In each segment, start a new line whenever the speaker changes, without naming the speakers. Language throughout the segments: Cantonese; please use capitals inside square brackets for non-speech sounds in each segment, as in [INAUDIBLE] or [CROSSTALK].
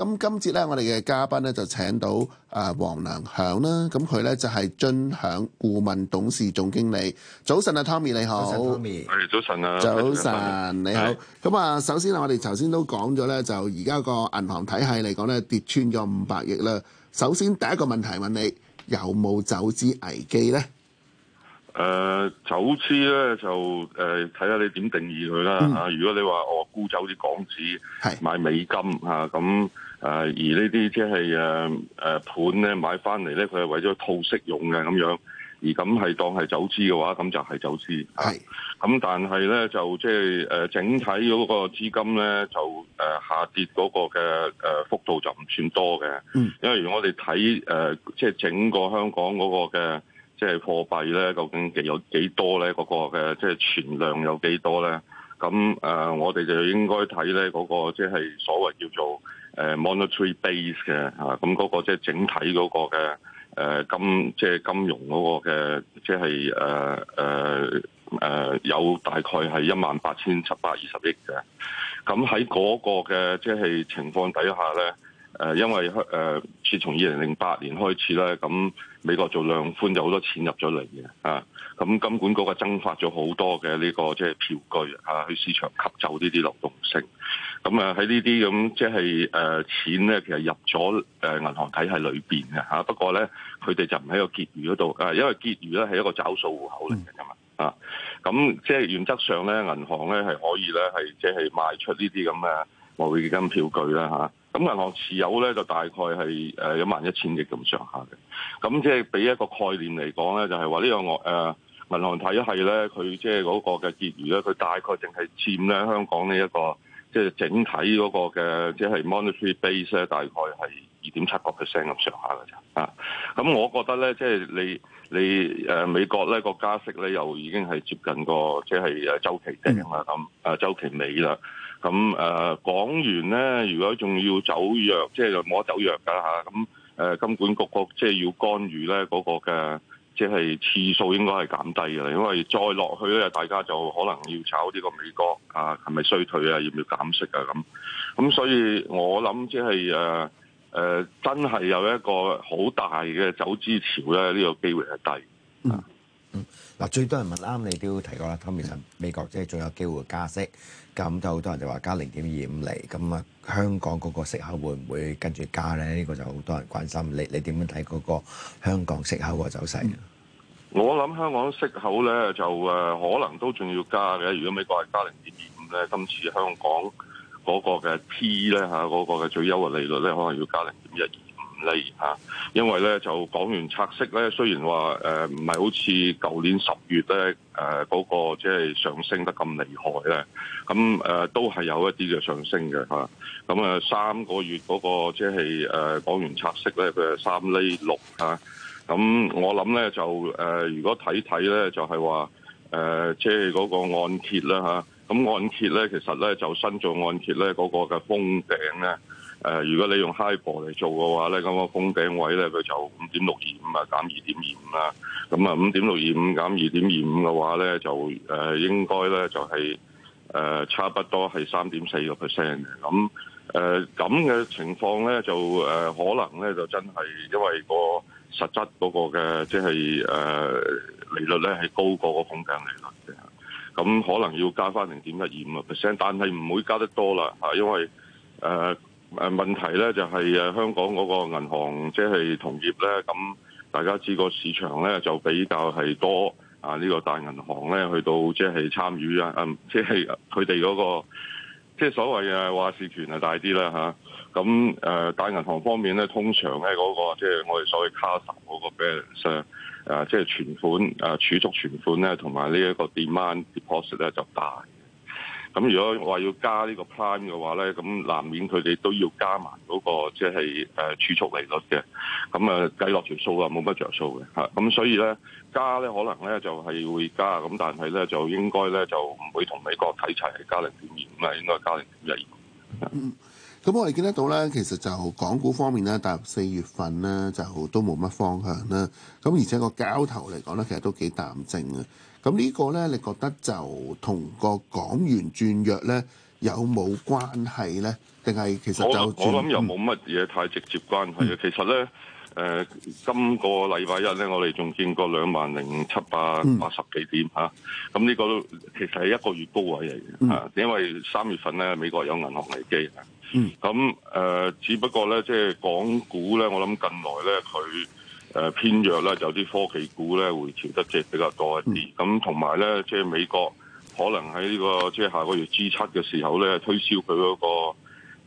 咁今節咧，我哋嘅嘉賓咧就請到啊王良享啦，咁佢咧就係臻享顧問董事總經理。早晨啊，Tommy 你好。早晨
，Tommy。係早晨啊。早晨，你好。
咁啊，首先啊，我哋頭先都講咗咧，就而家個銀行體系嚟講咧跌穿咗五百億啦。首先第一個問題問你，有冇走資危機咧？
誒，走資咧就誒，睇下你點定義佢啦。啊，如果你話我沽走啲港紙，係買美金啊咁。誒而呢啲即係誒誒盤咧買翻嚟咧，佢係為咗套息用嘅咁樣。而咁係當係走資嘅話，咁就係走資。係是。咁、啊、但係咧就即係誒整體嗰個資金咧就誒下跌嗰個嘅誒幅度就唔算多嘅。嗯。因為如果我哋睇誒即係整個香港嗰個嘅即係貨幣咧，究竟幾有幾多咧？嗰、那個嘅即係存量有幾多咧？咁誒、呃，我哋就應該睇咧嗰個即係、就是、所謂叫做。誒 Monetary Base 嘅嚇，咁、那、嗰個即係整體嗰個嘅誒、呃、金，即、就、係、是、金融嗰個嘅，即係誒誒誒有大概係一萬八千七百二十億嘅，咁喺嗰個嘅即係情況底下咧。誒，因為香、呃、自從二零零八年開始咧，咁美國做量寬有好多錢入咗嚟嘅，啊，咁金管局就增發咗好多嘅呢、這個即係票據啊，去市場吸走呢啲流動性。咁啊，喺、就是呃、呢啲咁即係誒錢咧，其實入咗誒銀行體系裏邊嘅嚇。不過咧，佢哋就唔喺個結餘嗰度，啊，因為結餘咧係一個找數戶口嚟嘅嘛，啊，咁即係原則上咧，銀行咧係可以咧係即係賣出呢啲咁嘅。啊嗯外匯基金票據啦嚇，咁銀行持有咧就大概係誒一萬一千億咁上下嘅，咁即係俾一個概念嚟講咧，就係話呢個外誒銀行體系咧，佢即係嗰個嘅結餘咧，佢大概淨係佔咧香港呢一個即係整體嗰個嘅，即係 monetary base 咧，大概係二點七個 percent 咁上下嘅啫啊，咁我覺得咧，即係你你誒美國咧個加息咧又已經係接近個即係周期頂啊咁啊週期尾啦。咁誒港元咧，如果仲要走弱，即係冇得走弱噶啦嚇。咁誒金管局個即係要干預咧，嗰個嘅即係次數應該係減低嘅啦。因為再落去咧，大家就可能要炒呢個美國啊，係咪衰退啊，要唔要減息啊咁。咁所以我諗即係誒誒，真係有一個好大嘅走資潮咧，呢個機會係
低。啊、
嗯。
嗱，最多人問，啱你都提過啦，特別係美國即係仲有機會加息，咁就好多人就話加零點二五釐。咁啊香港嗰個息口會唔會跟住加咧？呢個就好多人關心，你你點樣睇嗰個香港息口個走勢？
我諗香港息口咧就誒可能都仲要加嘅，如果美國係加零點二五咧，今次香港嗰個嘅 P 咧嚇嗰個嘅最優惠利率咧，可能要加零點一。例如，因為咧就港元拆息咧，雖然話誒唔係好似舊年十月咧誒嗰個即係上升得咁厲害咧，咁誒都係有一啲嘅上升嘅嚇。咁啊三個月嗰個即係誒港元拆息咧，佢係三厘六嚇。咁我諗咧就誒，如果睇睇咧就係話誒，即係嗰個按揭啦嚇。咁按揭咧其實咧就新造按揭咧嗰個嘅封頂咧。誒，如果你用 HIBOR 嚟做嘅話咧，咁個封頂位咧佢就五點六二五啊，減二點二五啦。咁啊，五點六二五減二點二五嘅話咧，就誒、呃、應該咧就係、是、誒、呃、差不多係三點四個 percent 嘅。咁誒咁嘅情況咧就誒、呃、可能咧就真係因為個實質嗰個嘅即係誒利率咧係高過個封頂利率嘅。咁可能要加翻零點一二五啊 percent，但係唔會加得多啦，啊，因為誒。呃誒問題咧就係誒香港嗰個銀行即係、就是、同業咧，咁大家知個市場咧就比較係多啊呢個大銀行咧去到即係參與啊，嗯，即係佢哋嗰個即係、就是、所謂誒話事權係大啲啦嚇。咁誒大銀行方面咧，通常咧嗰、那個即係、就是、我哋所謂 CASA 嗰個 balance 誒，即係存款誒儲蓄存款咧，同埋呢一個 demand deposit 咧就大。咁如果我話要加呢個 plan 嘅話咧，咁難免佢哋都要加埋嗰個即係誒儲蓄利率嘅，咁啊計落條數啊冇乜着數嘅嚇。咁所以咧加咧可能咧就係會加，咁但係咧就應該咧就唔會同美國睇齊係加零點二五啦，應該加零點一二。嗯，
咁我哋見得到咧，其實就港股方面咧，踏入四月份咧就都冇乜方向啦。咁而且個交投嚟講咧，其實都幾淡靜嘅。咁呢個咧，你覺得就同個港元轉弱咧有冇關係咧？定係其實就我我諗又冇
乜嘢太直接關係嘅。嗯、其實咧，誒、呃、今個禮拜一咧，我哋仲見過兩萬零七百八十幾點嚇。咁呢、嗯啊、個都其實係一個月高位嚟嘅、嗯啊，因為三月份咧美國有銀行危機、
嗯、
啊。咁、呃、誒，只不過咧即係港股咧，我諗近來咧佢。誒偏弱咧，有啲科技股咧，回調得即係比較多一啲。咁同埋咧，即係美國可能喺呢、呢個即係下個月 G7 嘅時候咧，推銷佢嗰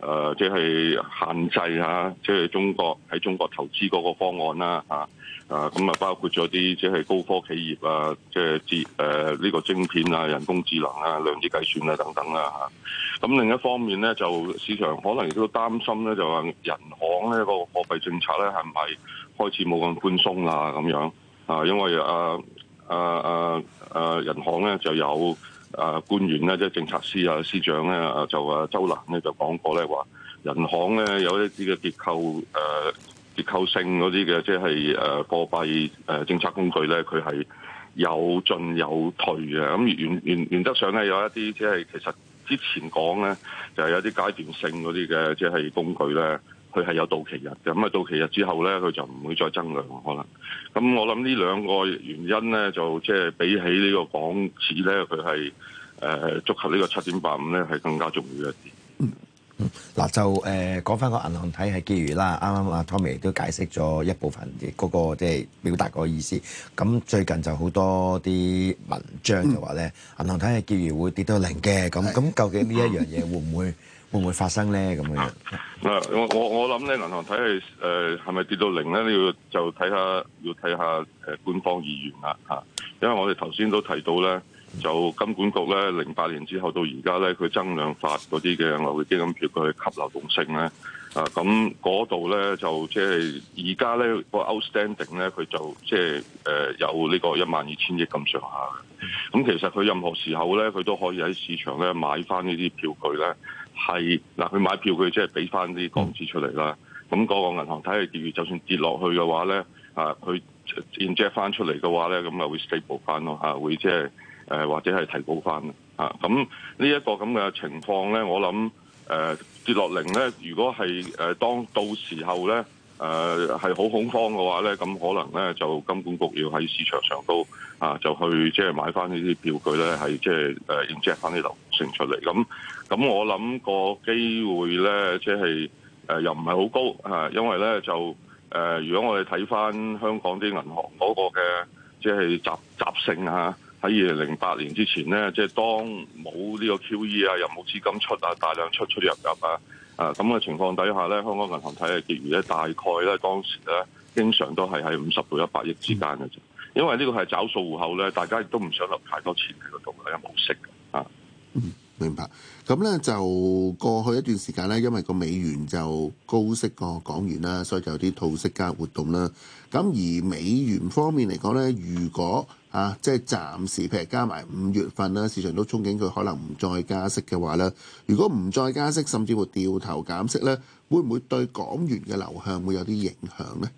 個、呃、即係限制嚇、啊，即係中國喺中國投資嗰個方案啦嚇。啊啊，咁啊，包括咗啲即係高科企業啊，即係接誒呢個晶片啊、人工智能啊、量子計算啊等等啦嚇。咁、啊、另一方面咧，就市場可能亦都擔心咧，就話、是、人行咧個貨幣政策咧係咪開始冇咁寬鬆啊咁樣啊，因為啊啊啊啊人行咧就有啊官員咧即係政策司啊司長咧就啊鄒瀾咧就講過咧話，人行咧有一啲嘅結構誒。呃結構性嗰啲嘅，即係誒貨幣誒政策工具咧，佢係有進有退嘅。咁原原原則上咧，有一啲即係其實之前講咧，就係有啲階段性嗰啲嘅，即係工具咧，佢係有到期日嘅。咁啊到期日之後咧，佢就唔會再增量可能。咁我諗呢兩個原因咧，就即係比起呢個港紙咧，佢係誒觸及呢個七點八五咧，係更加重要一啲。
嗱、嗯、就誒講返個銀行體系結餘啦，啱啱阿 Tommy 都解釋咗一部分嘅嗰、那個即係、就是、表達個意思。咁最近就好多啲文章就話咧，嗯、銀行體系結餘會跌到零嘅。咁咁的究竟呢一樣嘢會唔會、嗯、會唔會發生咧？咁樣樣，
我我我諗咧，銀行體系誒係咪跌到零咧？你要就睇下要睇下誒官方意願啦嚇。因為我哋頭先都提到咧。就金管局咧，零八年之後到而家咧，佢增量發嗰啲嘅外匯基金票，佢吸流動性咧。啊，咁嗰度咧就即係而家咧個 outstanding 咧，佢就即係誒有呢個一萬二千億咁上下。咁其實佢任何時候咧，佢都可以喺市場咧買翻呢啲票據咧，係嗱佢買票佢即係俾翻啲港紙出嚟啦。咁、啊、個、那個銀行體係跌，就算跌落去嘅話咧，啊佢 inject 翻出嚟嘅話咧，咁啊會 stable 翻咯嚇，會即係。誒或者係提高翻啊！咁呢一個咁嘅情況咧，我諗誒、呃、跌落零咧，如果係誒當到時候咧誒係好恐慌嘅話咧，咁可能咧就金管局要喺市場上高啊，就去即係買翻呢啲票據咧，係即係誒 inject 翻啲流剩出嚟。咁咁我諗個機會咧，即係誒又唔係好高嚇、啊，因為咧就誒、呃、如果我哋睇翻香港啲銀行嗰個嘅即係集集性嚇、啊。喺二零零八年之前呢，即係當冇呢個 QE 啊，又冇資金出啊，大量出出入入啊，啊咁嘅情況底下呢，香港銀行體系結餘呢，大概呢，當時呢，經常都係喺五十到一百億之間嘅啫。因為呢個係找數戶口呢，大家亦都唔想留太多錢喺度，度嘅模式啊、嗯。
明白。咁呢，就過去一段時間呢，因為個美元就高息過港元啦，所以就有啲套息交易活動啦。咁而美元方面嚟講呢，如果啊，即係暫時譬如加埋五月份啦，市場都憧憬佢可能唔再加息嘅話咧。如果唔再加息，甚至會掉頭減息咧，會唔會對港元嘅流向會有啲影響咧？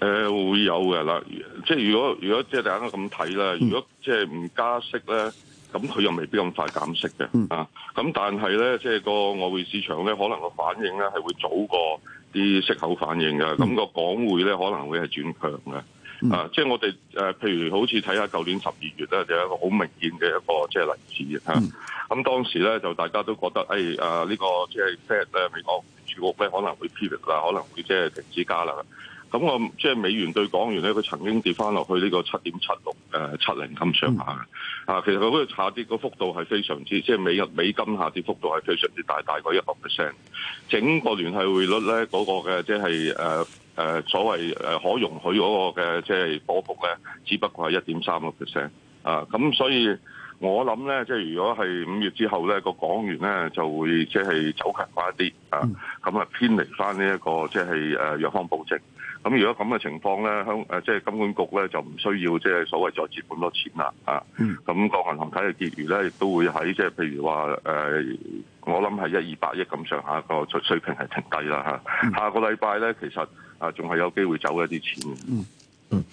誒、呃，會有嘅啦。即係如果如果即係大家咁睇啦，如果，如果，如果、嗯、即係唔加息咧，咁佢又未必咁快減息嘅、嗯、啊。咁但係咧，即係個外匯市場咧，可能個反應咧係會早過啲息口反應嘅。咁、個港匯咧可能會係轉強嘅。嗯 uh, 啊！即係我哋誒，譬如好似睇下舊年十二月咧，就有一個好明顯嘅一個即係例子嚇。咁當時咧就大家都覺得誒啊呢、這個即係 Fed 咧，這個、美國儲局咧可能會疲弱啦，可能會即係、嗯嗯嗯、停止加啦、嗯。咁我即係美元對港元咧，佢曾經跌翻落去呢個七點七六誒七零咁上下啊，其實嗰度下跌嗰幅度係非常之，即、就、係、是、美日美金下跌幅度係非常之大，大概一個 percent。整個聯繫匯率咧嗰、那個嘅即係誒。就是啊誒所謂誒可容許嗰個嘅即係波幅咧，只不過係一點三個 percent 啊，咁所以我諗咧，即係如果係五月之後咧，個港元咧就會即係走強啩一啲、嗯就是、啊，咁啊偏離返呢一個即係誒弱方保證。咁如果咁嘅情況咧，香誒即係金管局咧就唔需要即係所謂再接咁多錢啦，嗯、啊！咁個銀行體系結餘咧亦都會喺即係譬如話誒、呃，我諗係一二百億咁上、嗯、下個水平係停低啦嚇。下個禮拜咧，其實啊仲係有機會走一啲錢嗯。嗯，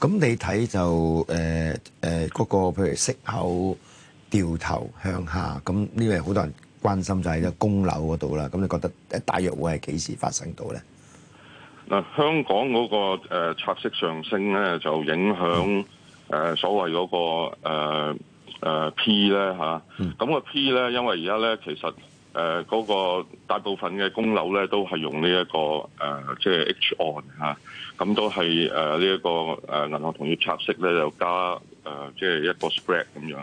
咁你睇就誒誒嗰個譬如息口掉頭向下，咁呢個好多人關心就喺咧供樓嗰度啦。咁你覺得大約會係幾時發生到咧？
嗱，香港嗰、那個誒拆、呃、息上升咧，就影響誒、呃、所謂嗰、那個誒、呃呃、P 咧、啊、嚇。咁、那個 P 咧，因為而家咧，其實誒嗰個大部分嘅供樓咧，都係用呢、這、一個誒，即、呃、係、就是、H on 嚇、啊。咁都係誒呢一個誒銀行同業拆息咧，又加誒即係一個 spread 咁樣。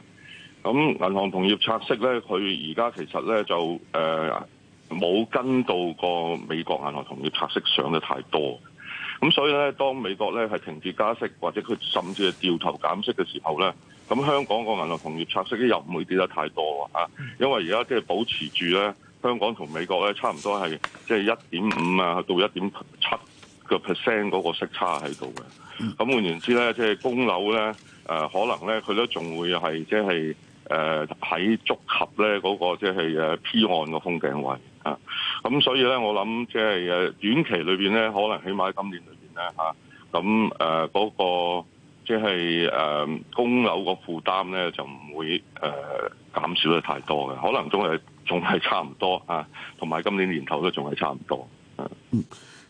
咁銀行同業拆息咧，佢而家其實咧就誒。呃冇跟到個美國銀行同業拆息上得太多，咁所以咧，當美國咧係停止加息或者佢甚至係掉頭減息嘅時候咧，咁香港個銀行同業拆息又唔會跌得太多啊，因為而家即係保持住咧，香港同美國咧差唔多係即係一點五啊到一點七個 percent 嗰個息差喺度嘅，咁換言之咧，即係供樓咧誒，可能咧佢都仲會係即係。就是誒喺觸及咧嗰個即係誒 P 按個封頂位啊，咁所以咧我諗即係誒短期裏邊咧，可能起碼今年裏邊咧嚇，咁誒嗰個即係誒供樓個負擔咧就唔會誒減少得太多嘅，可能仲係仲係差唔多啊，同埋今年年頭都仲係差唔多啊。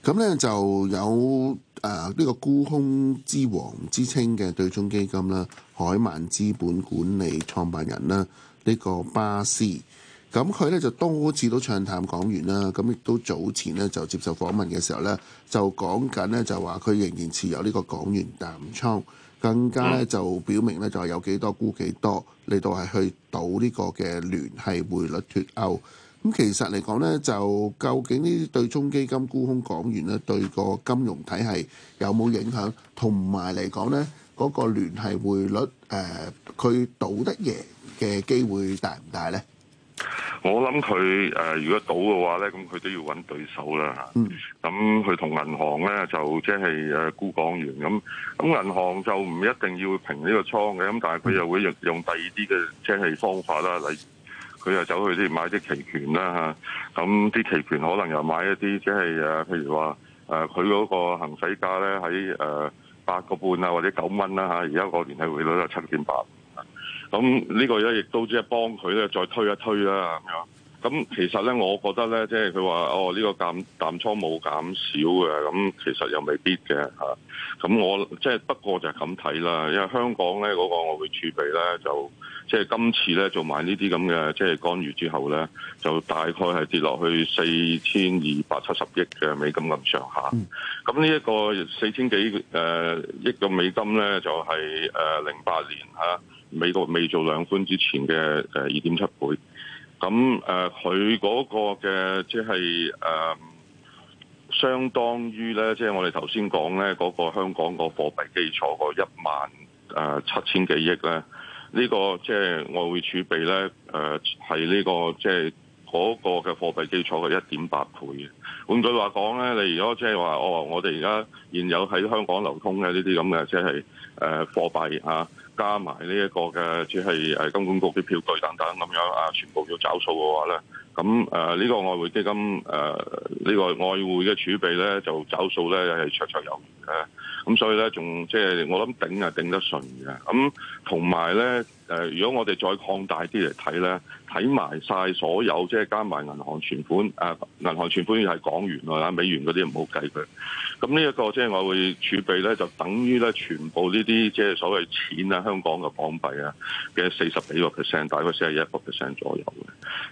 咁咧就有誒呢、呃這個沽空之王之稱嘅對沖基金啦，海曼資本管理創辦人啦，呢、這個巴斯，咁佢咧就多次都唱淡港元啦，咁亦都早前咧就接受訪問嘅時候咧，就講緊咧就話佢仍然持有呢個港元淡倉，更加咧就表明咧就係有幾多沽幾多嚟到係去賭呢個嘅聯繫匯率脫歐。咁其實嚟講咧，就究竟呢啲對沖基金沽空港元咧，對個金融體系有冇影響？同埋嚟講咧，嗰個聯繫匯率，誒佢賭得贏嘅機會大唔大咧？
我諗佢誒，如果賭嘅話咧，咁佢都要揾對手啦
嚇。
咁佢同銀行咧就即係誒沽港元，咁咁銀行就唔一定要平呢個倉嘅，咁但係佢又會用用第二啲嘅即係方法啦，例如。佢又走去啲買啲期權啦嚇，咁啲期權可能又買一啲即係誒，譬如話誒，佢、呃、嗰個行使價咧喺誒八個半啊或者九蚊啦嚇，而家個聯繫匯率都七點八，咁呢個咧亦都即係幫佢咧再推一推啦咁樣。咁其實咧，我覺得咧，即係佢話哦，呢、這個減淡倉冇減少嘅，咁、嗯、其實又未必嘅嚇。咁、啊、我即係、就是、不過就係咁睇啦，因為香港咧嗰、那個外匯儲備咧，就即係、就是、今次咧做埋呢啲咁嘅即係干預之後咧，就大概係跌落去四千二百七十億嘅美金咁上下。咁呢一個四千幾誒億嘅美金咧，就係誒零八年嚇、啊、美國未做量寬之前嘅誒二點七倍。咁誒，佢嗰、嗯、個嘅即係誒、嗯，相當於咧，即係我哋頭先講咧，嗰、那個香港貨幣、呃7，這個貨幣、呃這個那個、基礎個一萬誒七千幾億咧，呢個即係外匯儲備咧誒，係呢個即係嗰個嘅貨幣基礎嘅一點八倍嘅。換句話講咧，你如果即係話、哦、我我哋而家現有喺香港流通嘅呢啲咁嘅，即係誒貨幣嚇。呃加埋呢一個嘅，即係誒金管局啲票據等等咁樣啊，全部要找數嘅話咧，咁誒呢個外匯基金誒呢個外匯嘅儲備咧就找數咧係綽綽有餘嘅，咁所以咧仲即係我諗頂啊頂得順嘅，咁同埋咧誒，如果我哋再擴大啲嚟睇咧。睇埋晒所有即係加埋銀行存款，誒、呃、銀行存款要係港元啊美元嗰啲唔好計佢。咁呢一個即係、就是、我會儲備咧，就等於咧全，就是就是就是、全部呢啲即係所謂錢啊香港嘅港幣啊嘅四十幾個 percent，大概四十一個 percent 左右嘅。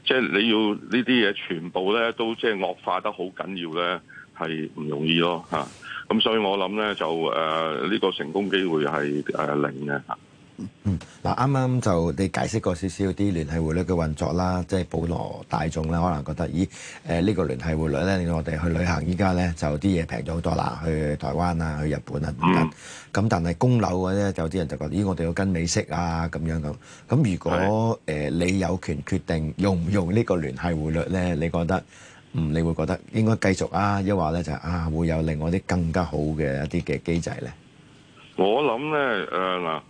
即係你要呢啲嘢全部咧都即係惡化得好緊要咧，係唔容易咯嚇。咁、啊、所以我諗咧就誒呢、呃這個成功機會係誒、呃、零嘅嚇。
嗯，嗱，啱啱就你解釋過少少啲聯繫匯率嘅運作啦，即係普羅大眾啦，可能覺得，咦？誒、這個，呢個聯繫匯率咧，令我哋去旅行依家咧就啲嘢平咗好多啦，去台灣啊，去日本啊咁。咁、嗯、但係供樓嘅咧，有啲人就覺得，咦？我哋要跟美息啊咁樣咁。咁如果誒是、呃、你有權決定用唔用個聯繫呢個聯繫匯率咧，你覺得嗯，你會覺得應該繼續啊？抑或咧就係啊，會有另外啲更加好嘅一啲嘅機制咧？
我諗咧，誒、呃、嗱。呃呃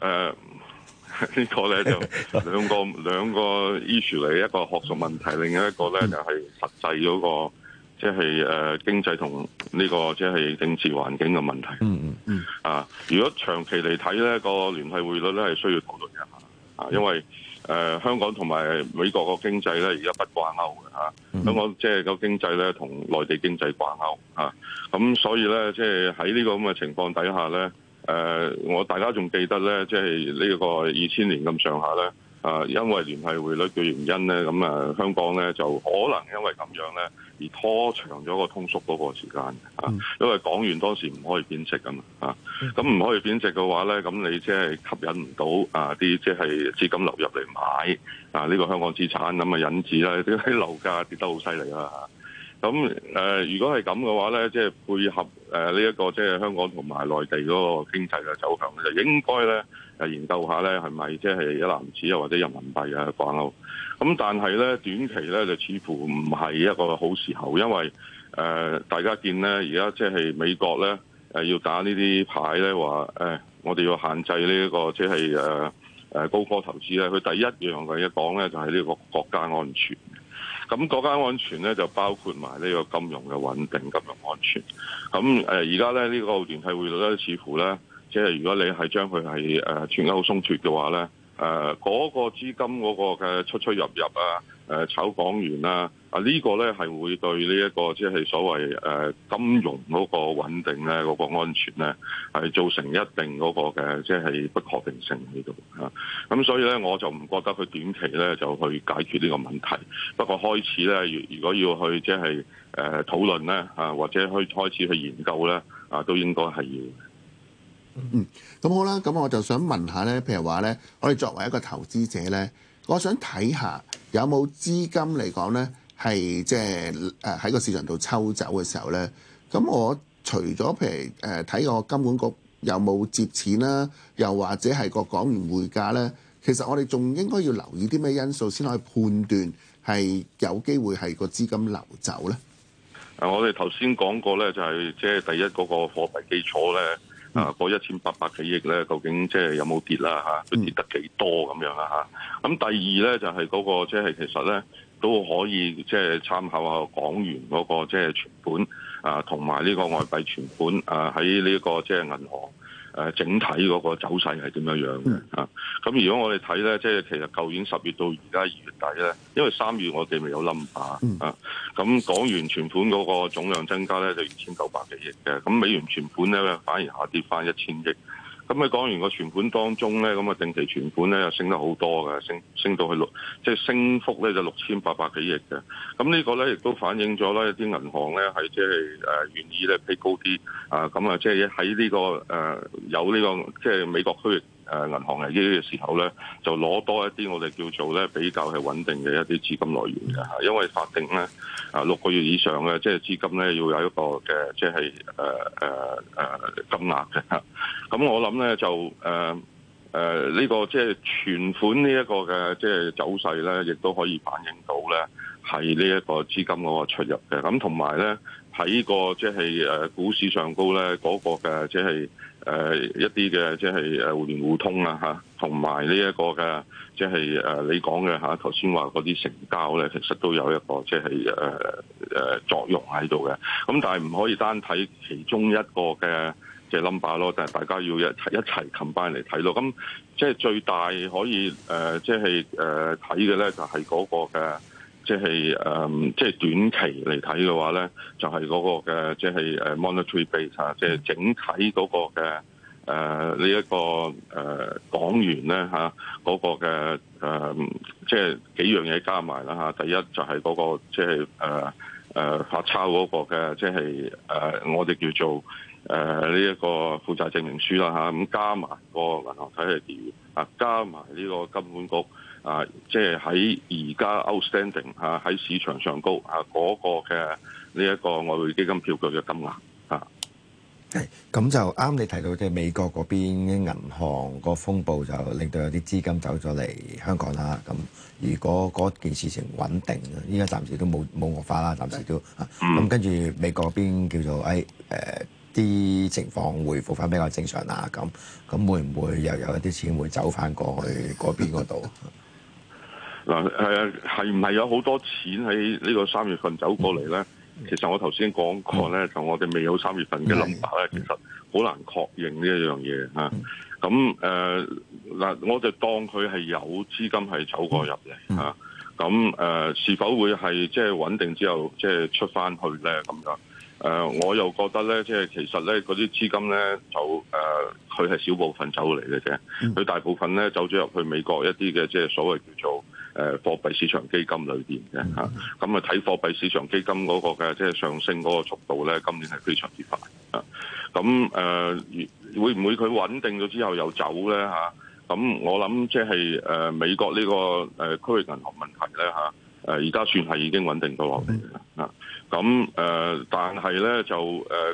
誒，uh, 個呢個咧就是、兩個兩個 issue 嚟，一個學術問題，另一個咧就係、是、實際嗰、那個，即係誒經濟同呢、這個即係政治環境嘅問題。嗯嗯嗯。啊，如果長期嚟睇咧，那個聯繫匯率咧係需要討論嘅吓啊，因為誒、呃、香港同埋美國個經濟咧而家不掛鈎嘅吓，香港即係個經濟咧同內地經濟掛鈎吓，咁、啊、所以咧即係喺呢、就是、個咁嘅情況底下咧。誒、呃，我大家仲記得咧，即係呢個二千年咁上下咧，啊，因為聯繫匯率嘅原因咧，咁啊，香港咧就可能因為咁樣咧，而拖長咗個通縮嗰個時間啊，因為港元當時唔可以貶值噶嘛，啊，咁唔可以貶值嘅話咧，咁你即係吸引唔到啊啲即係資金流入嚟買啊呢、呢個香港資產，咁啊引致咧啲樓價跌得好犀利啦。啊。咁誒，如果係咁嘅話咧，即係配合誒呢一個即係香港同埋內地嗰個經濟嘅走向就應該咧誒研究下咧係咪即係一籃子啊或者人民幣啊掛鈎。咁但係咧短期咧就似乎唔係一個好時候，因為誒大家見咧而家即係美國咧誒要打呢啲牌咧話誒，我哋要限制呢一個即係誒誒高科投資咧，佢第一樣嘅一講咧就係呢個國家安全。咁國家安全呢，就包括埋呢個金融嘅穩定、金融安全。咁誒而家咧呢，呢個聯繫匯率咧，似乎呢，即係如果你係將佢係全歐鬆脱嘅話呢。誒嗰、啊那個資金嗰個嘅出出入入啊，誒、啊、炒港元啦、啊，啊、這個、呢個咧係會對呢、這、一個即係、就是、所謂誒、啊、金融嗰個穩定咧、嗰、那個安全咧，係造成一定嗰個嘅即係不確定性喺度嚇。咁、啊、所以咧，我就唔覺得佢短期咧就去解決呢個問題。不過開始咧，如如果要去即係誒討論咧嚇，或者去開始去研究咧，啊都應該係要。
嗯，咁好啦，咁我就想問下咧，譬如話咧，我哋作為一個投資者咧，我想睇下有冇資金嚟講咧，係即係誒喺個市場度抽走嘅時候咧，咁我除咗譬如誒睇個金管局有冇接錢啦，又或者係個港元匯價咧，其實我哋仲應該要留意啲咩因素先可以判斷係有機會係個資金流走咧？
啊、呃，我哋頭先講過咧，就係即係第一嗰個個貨幣基礎咧。啊，嗰一千八百幾億咧，究竟即係有冇跌啦？嚇，都跌得幾多咁樣啦？嚇，咁第二咧就係嗰個即係其實咧都可以即係參考下港元嗰個即係存款啊，同埋呢個外幣存款啊喺呢個即係銀行。誒，整體嗰個走勢係點樣樣、mm. 啊？咁如果我哋睇咧，即係其實舊年十月到而家二月底咧，因為三月我哋未有冧巴，mm. 啊，咁港元存款嗰個總量增加咧就二千九百幾億嘅，咁美元存款咧反而下跌翻一千億。咁你講完個存款當中咧，咁啊定期存款咧又升得好多嘅，升升到去六，即、就、係、是、升幅咧就六千八百幾億嘅。咁、這個、呢個咧亦都反映咗咧，啲銀行咧係即係誒願意咧批高啲啊。咁、呃、啊，即係喺呢個誒、呃、有呢、這個即係、就是、美國區域。誒銀行危機嘅時候咧，就攞多一啲我哋叫做咧比較係穩定嘅一啲資金來源嘅嚇，因為法定咧啊六個月以上嘅即係資金咧要有一個嘅即係誒誒誒金額嘅嚇。咁我諗咧就誒誒、呃呃這個、呢個即係存款呢一個嘅即係走勢咧，亦都可以反映到咧係呢一個資金嗰個出入嘅。咁同埋咧喺呢、這個即係誒股市上高咧嗰、那個嘅即係。誒、呃、一啲嘅即係誒互聯互通啊，嚇、這個，同埋呢一個嘅即係誒你講嘅嚇，頭先話嗰啲成交咧，其實都有一個即係誒誒作用喺度嘅。咁但係唔可以單睇其中一個嘅嘅 number 咯，但係大家要一齊一齊擒翻嚟睇咯。咁即係最大可以誒，即係誒睇嘅咧，就係、是、嗰、呃、個嘅。即係誒，即係短期嚟睇嘅話咧，就係、是、嗰個嘅，即係誒 monetary base，即係整體嗰個嘅誒呢一個誒港元咧嚇，嗰、呃、個嘅誒即係幾樣嘢加埋啦嚇。第一就係嗰、那個即係誒誒發鈔嗰個嘅，即係誒我哋叫做誒呢一個負債證明書啦嚇。咁、啊、加埋個銀行體系調啊，加埋呢個金管局。啊，即係喺而家 outstanding 啊，喺市場上高啊，嗰、啊啊啊嗰個嘅呢一個外匯基金票據嘅金額啊，
係咁就啱你提到，即係美國嗰邊銀行個風暴就令到有啲資金走咗嚟香港啦。咁如果嗰件事情穩定，依家暫時都冇冇惡化啦，暫時都咁跟住美國嗰邊叫做誒誒啲情況回復翻比較正常啦。咁咁、嗯嗯、會唔會又有一啲錢會走翻過去嗰邊嗰度？ [LAUGHS]
嗱，係啊、呃，係唔係有好多錢喺呢個三月份走過嚟咧？其實我頭先講過咧，就我哋未有三月份嘅諗法咧，其實好難確認呢一樣嘢嚇。咁誒嗱，我就當佢係有資金係走過入嚟嚇。咁、啊、誒、呃，是否會係即係穩定之後，即係出翻去咧咁樣？誒，我又覺得咧，即、就、係、是、其實咧，嗰啲資金咧就誒，佢、呃、係小部分走嚟嘅啫，佢大部分咧走咗入去美國一啲嘅即係所謂叫做。誒貨幣市場基金裏邊嘅嚇，咁啊睇貨幣市場基金嗰個嘅即係上升嗰個速度咧，今年係非常之快啊！咁、啊、誒會唔會佢穩定咗之後又走咧嚇？咁、啊啊、我諗即係誒美國呢個誒區域銀行問題咧嚇，誒而家算係已經穩定咗落嚟啦啊！咁、啊、誒，但係咧就誒、啊啊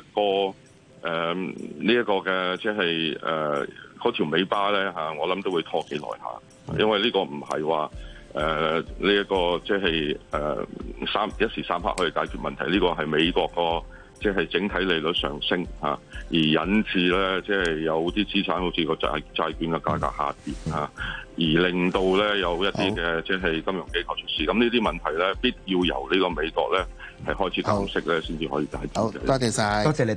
這個誒呢一個嘅即係誒嗰條尾巴咧嚇、啊，我諗都會拖幾耐下，因為呢個唔係話。誒呢一個即係誒三一時三刻可以解決問題，呢、這個係美國個即係整體利率上升嚇、啊，而引致咧即係有啲資產好似個債債券嘅價格下跌嚇、啊，而令到咧有一啲嘅即係金融機構出事，咁呢啲問題咧必要由呢個美國咧係開始調息咧先至可以解決。多謝曬，
多謝你。謝謝你。